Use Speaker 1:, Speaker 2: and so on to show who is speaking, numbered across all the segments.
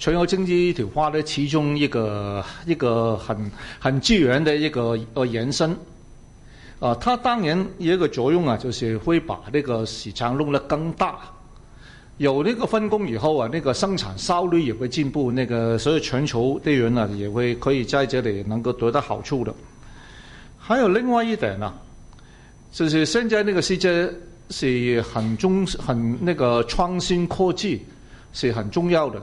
Speaker 1: 全球經濟一體化的其中一個一個很很自然的一個呃延伸。啊，它當然一個作用啊，就是會把這個市場弄得更大。有這個分工以後啊，那、這個生產效率也會進步。那個所有全球的人啊，也會可以在這裏能夠得到好處的。還有另外一點啊，就是現在那個世界是很中，很那個創新科技是很重要的。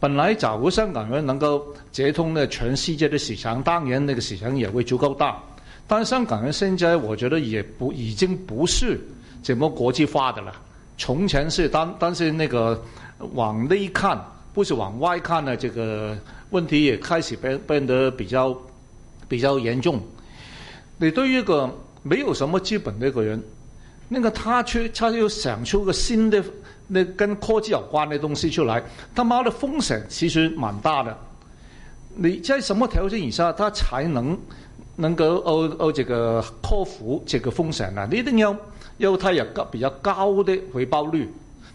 Speaker 1: 本來假如香港人能夠接通的全世界的市場，當然那個市場也會足夠大。但香港人現在，我覺得也不已經不是這麼國際化的了，從前是，當，但是那個往內看，不是往外看的這個問題也開始變變得比較比較嚴重。你對於一個沒有什麼資本的一個人，那個他去，他又想出個新的。跟科技有關嘅東西出來他媽嘅風險其實蠻大嘅。你在什麼條件以下，他才能能夠哦哦，克、呃、服、這個、這個風險呢、啊、你一定要有他有比較高的回報率。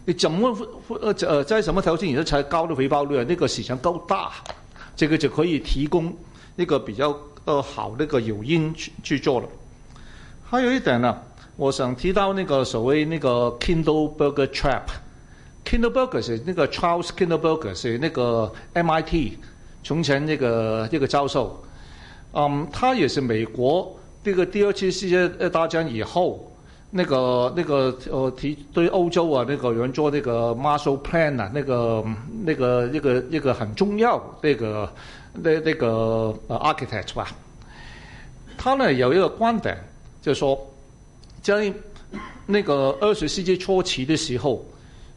Speaker 1: 你怎麼誒、呃、在什麼條件以下才高的回報率啊？呢、這個市場夠大，這個就可以提供一個比較、呃、好好，一個有因去,去做了。還有一點呢我想提到那個所謂那個 Kindleberger trap。Kindleberger 是那個 Charles Kindleberger 是那個 MIT，從前那個一、這個教授，嗯、um,，他也是美國呢個第二次世界大戰以後，那個那個呃提對歐洲啊，那個原作那個 Marshall Plan 啊，那個那個一、那個一、那個很重要，那個那那個呃 architect 啊，他呢有一個觀點，就是、說在那個二十世紀初期的時候。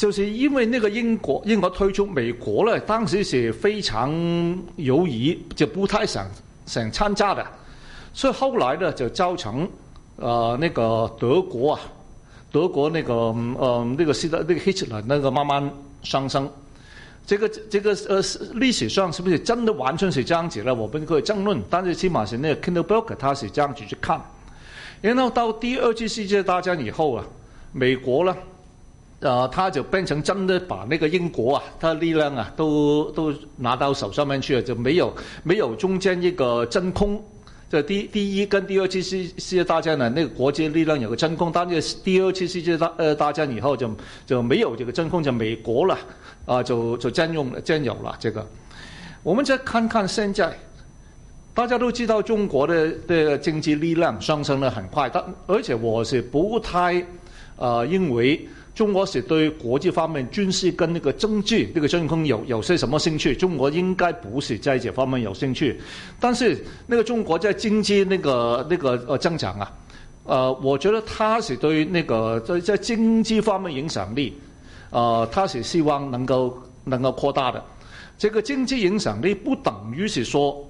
Speaker 1: 就是因為那個英國，英國推出，美國呢，當時是非常猶豫，就不太想想參加的，所以後來呢就造成，呃那個德國啊，德國呢，那個，呃，呢，那個希德，呢，那個希特勒，那個慢慢上升。這個這個呃，歷史上是不是真的完全是這樣子呢？我們可以爭論，但是起碼是那個 Kindleberg 他是這樣子去看。然後到第二次世界大戰以後啊，美國呢啊、呃、他就變成真的把那個英國啊，他力量啊，都都拿到手上面去了，就沒有沒有中間一個真空。就第第一跟第二次世界大戰呢，那個國際力量有個真空。但是第二次世界大呃大戰以後就就沒有這個真空，就美國了，啊就就佔用佔有了這個。我們再看看現在，大家都知道中國的的經濟力量上升得很快，但而且我是不太啊、呃、因為。中國是對國際方面軍事跟那個政治呢、那個真空有有些什麼興趣？中國應該不是在這方面有興趣，但是那個中國在經濟那個那個呃增長啊，呃，我覺得它是對那個在在經濟方面影響力，呃，它是希望能夠能夠擴大的，這個經濟影響力不等於是說。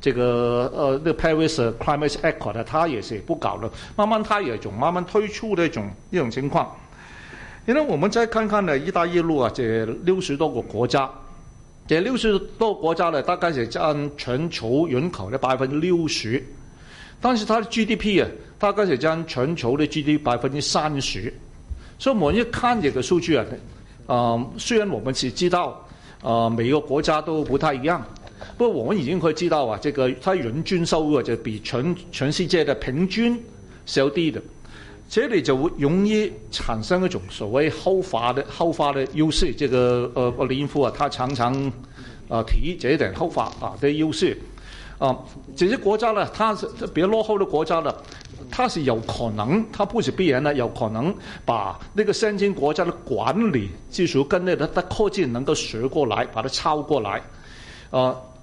Speaker 1: 這個呃，呢、這個 Paris Climate Accord 它也是不搞了，慢慢它也總慢慢推出那種種一種情況。因為我們再看看呢，一帶一路啊，這六十多個國家，這六十多個國家呢，大概是佔全球人口的百分之六十，但是它的 GDP 啊，大概是佔全球的 GDP 百分之三十。所以我們一看這個數據啊，啊、呃，雖然我們是知道，啊、呃，每一個國家都不太一樣。不過，我們已經可以知道啊，這個它人均收入就比全全世界的平均少啲的，這裏就會容易產生一種所謂後發的後發的優勢。這個呃，林毅夫啊，他常常啊、呃、提這點後發啊的優勢。啊、呃，這些國家呢，它是比較落後的國家呢，它是有可能，它不是必然的，有可能把那個先進國家的管理技術跟那個的科技能夠學過來，把它抄過來，啊、呃。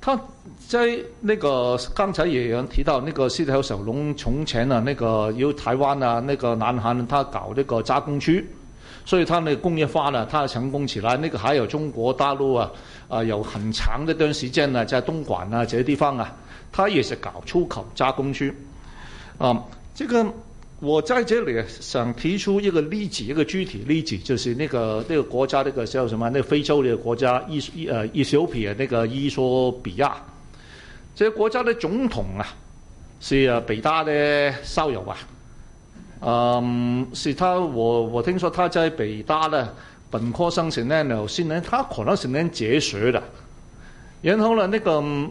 Speaker 1: 他在那個剛才也有人提到那個四條小龍，從前啊，那個由台灣啊，那個南韓他搞那個加工區，所以他那個工業化呢，他成功起來，那個還有中國大陸啊，啊有很長的一段時間呢，在東莞啊這些地方啊，他也是搞出口加工區啊，這個。我在這裏想提出一個例子，一個具體例子，就是呢、那個呢、那個國家呢、那個叫什麼那個非洲呢個國家，一意誒 Ethiopia 呢伊索比亞這個國家的總統啊，是啊北大的校友啊。嗯，是他，我我聽說他在北大的本科生成年，然後雖然他可能是念哲學的，然後呢，呢、那個。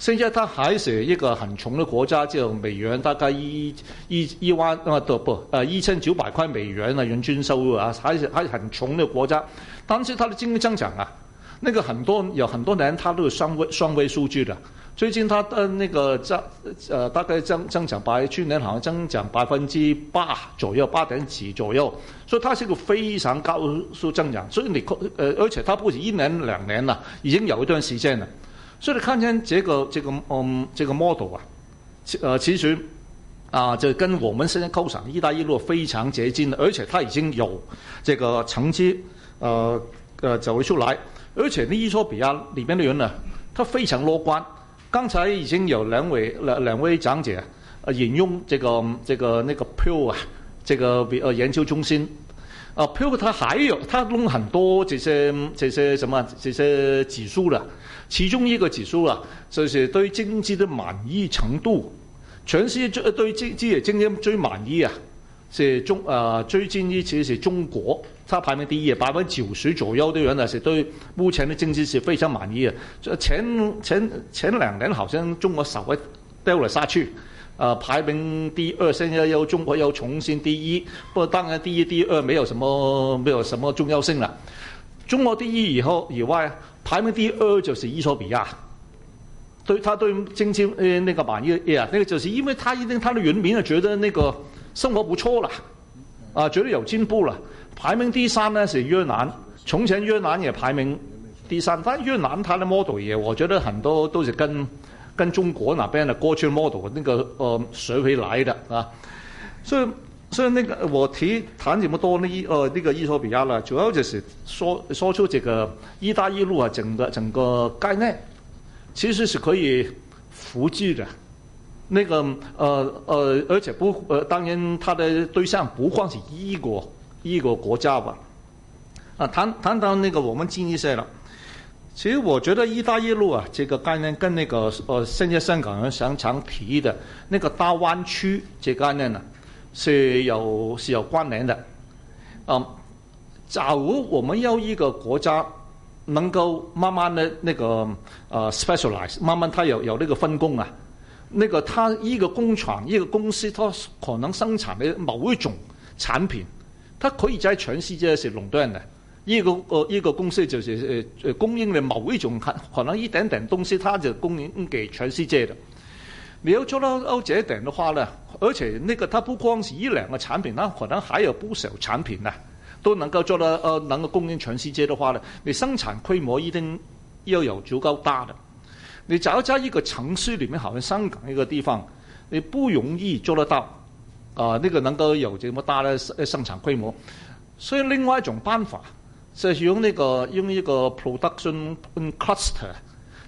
Speaker 1: 甚至它還是一個很窮的國家，就美元大概一一一萬啊，不，呃一千九百塊美元啊，人均收入啊，還是很窮的國家。但是它的經濟增長啊，那個很多有很多年，它都有雙位雙位數據的。最近它的那個增、呃、大概增增長百，去年好像增長百分之八左右，八點幾左右。所以它是一個非常高速增長，所以你呃而且它不是一年兩年了，已經有一段時間了。所以你看見這個這個嗯這個 model 啊，其呃其實啊、呃、就跟我們現在構成，一帶一路非常接近，的，而且它已經有這個成績呃呃走出來，而且呢伊索比亞裏面的人呢、啊，他非常樂觀，剛才已經有兩位兩兩位講者、啊、引用這個這個那個 Pew 啊，這個比呃研究中心，啊 Pew 他還有他弄很多這些這些什麼，這些指數的。其中一個指數啦、啊，就是對經濟的滿意程度，全世界對經經濟嘅經濟最滿意啊，是中啊最尖啲，其實是中國它排名第一，百分之九十左右的有人、啊、是對目前的經濟是非常滿意嘅。前前前兩年好像中國稍微掉了下去，啊排名第二，現在又中國又重新第一，不過當然第一、第二沒有什麼沒有什麼重要性了。中國第一以後以外、啊。排名第二就是伊索比亞，對，他對經濟誒那個貿易啊，呢、那個就是因為他依啲他的人民啊，覺得那個生活不錯了啊，覺得有進步了，排名第三呢是越南，從前越南也排名第三，但越南它的 model 也我覺得很多都是跟跟中國嗱邊嘅國產 model 那個呃上起來的學回來的啊，所以。所以那個我提談這麼多呢，一呃那個伊索比亞啦，主要就是說說出這個一帶一路啊整個整個概念，其實是可以複製的。那個呃呃而且不呃當然它的對象不光是一國，一個國家吧。啊談談到那個我們近一些了，其實我覺得一帶一路啊這個概念跟那個呃現在香港人常常提的那個大灣區這個概念呢，啊。是有是有關聯的，啊、嗯，假如我們要一個國家能夠慢慢的那個呃 specialise，慢慢它有有呢個分工啊，呢個它呢個工廠呢個公司，它可能生產的某一種產品，它可以在全世界是壟斷的，一個呃、呃、一個公司就是呃供應嘅某一種可可能一點點東西，它就供應給全世界的。你要做到到這點的話呢，而且那個它不光是一兩個產品，那可能還有不少產品呢都能夠做到呃能夠供應全世界的話呢，你生產規模一定要有足夠大的。你找在一個城市裏面，好像香港一個地方，你不容易做得到，啊、呃，那個能夠有這麼大的生生產規模。所以另外一種辦法，就是用那個用一個 production cluster。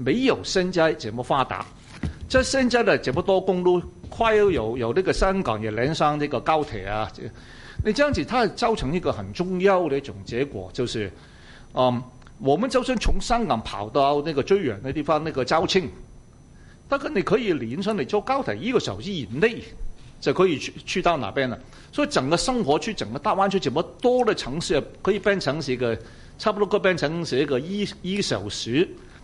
Speaker 1: 沒有現在這麼發達，即係現在呢這麼多公路，快要有有呢個香港也連上呢個高鐵啊！你這樣子，它造成一個很重要嘅一種結果，就是，嗯，我們就算從香港跑到呢個最遠嘅地方，呢、那個肇慶，但係你可以連上你坐高鐵一個小時以內，就可以去去到哪邊了，所以整個生活區，整個大灣區這麼多嘅城市，可以變成是一個差不多變成是一個一一個小時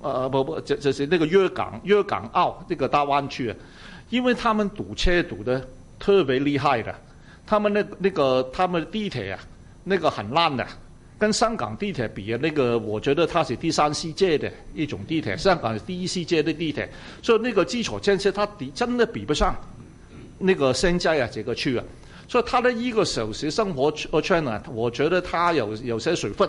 Speaker 1: 呃、啊，不不，就是那個粵港粵港澳那個大灣區啊，因為他們堵車堵得特別厲害的，他們那個、那個他們地鐵啊，那個很爛的，跟香港地鐵比啊，那個我覺得它是第三世界的一種地鐵，香港是第一世界的地鐵，所以那個基礎建設它比真的比不上，那個現在啊這個區啊，所以它的一個小時生活圈啊，我覺得它有有些水分。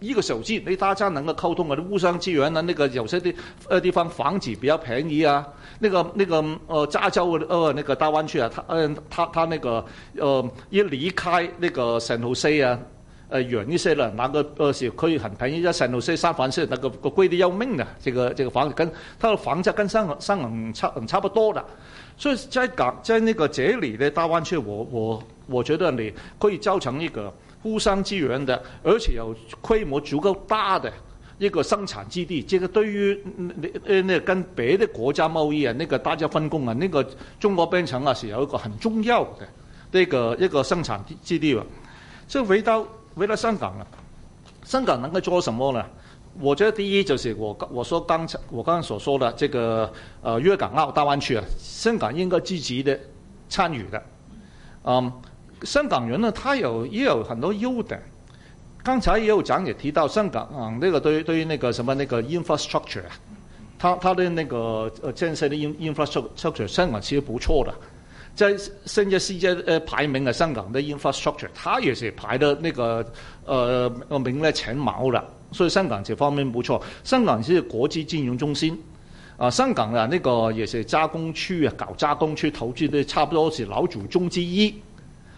Speaker 1: 一個手機你大家能夠溝通的互相支援呢？那個、有些啲呃地方房子比較便宜啊，那個那個呃加州呃那個大灣區啊，他嗯他他那個呃一離開那個聖荷西啊，呃遠一些啦，那個呃是可以很便宜。一聖荷西三藩市，那個個貴啲要命啊！這個這個房子跟，它的房價跟三三五差唔差不多的。所以在港喺呢個這裏嘅大灣區，我我我覺得你可以造成一個。互相支援的，而且有規模足夠大的一個生產基地，這個對於你那、那個、跟別的國家貿易啊，那個大家分工啊，那個中國變成啊是有一個很重要的那個一個生產基地喎、啊。所以回到回到香港啦、啊，香港能夠做什麼呢？我覺得第一就是我我說剛才我剛剛所說的這個呃粵港澳大灣區啊，香港應該積極的參與的，嗯。香港人呢，他有也有很多優點。剛才也有講也提到香港啊，呢、那個對對於那個什麼那個 infrastructure，他他、那個啊、的，的，的，的，的那個建設的 infrastructure，香港是不錯的。在現在世界誒排名嘅香港的 infrastructure，他也是排得呢個呃名列前茅的。所以香港這方面不錯，香港是國際金融中心。啊，香港啊，呢、那個也是加工區啊，搞加工區投資都差不多是老祖宗之一。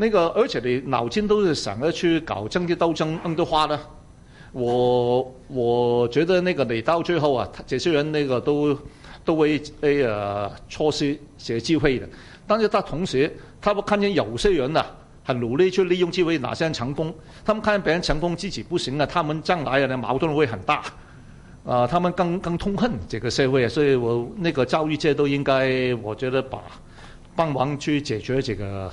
Speaker 1: 呢、那個，而且你腦筋都是想着去搞政治鬥爭。咁嘅話呢，我我覺得呢個你到最後啊，這些人呢個都都會誒呀錯失些機會的。但是他同時，他們看見有些人啊，很努力去利用機會，哪些人成功，他們看見別人成功，自己不行啊，他們將來的矛盾會很大。啊、呃，他們更更痛恨這個社會，啊。所以我那個教育界都應該，我覺得把幫忙去解決這個。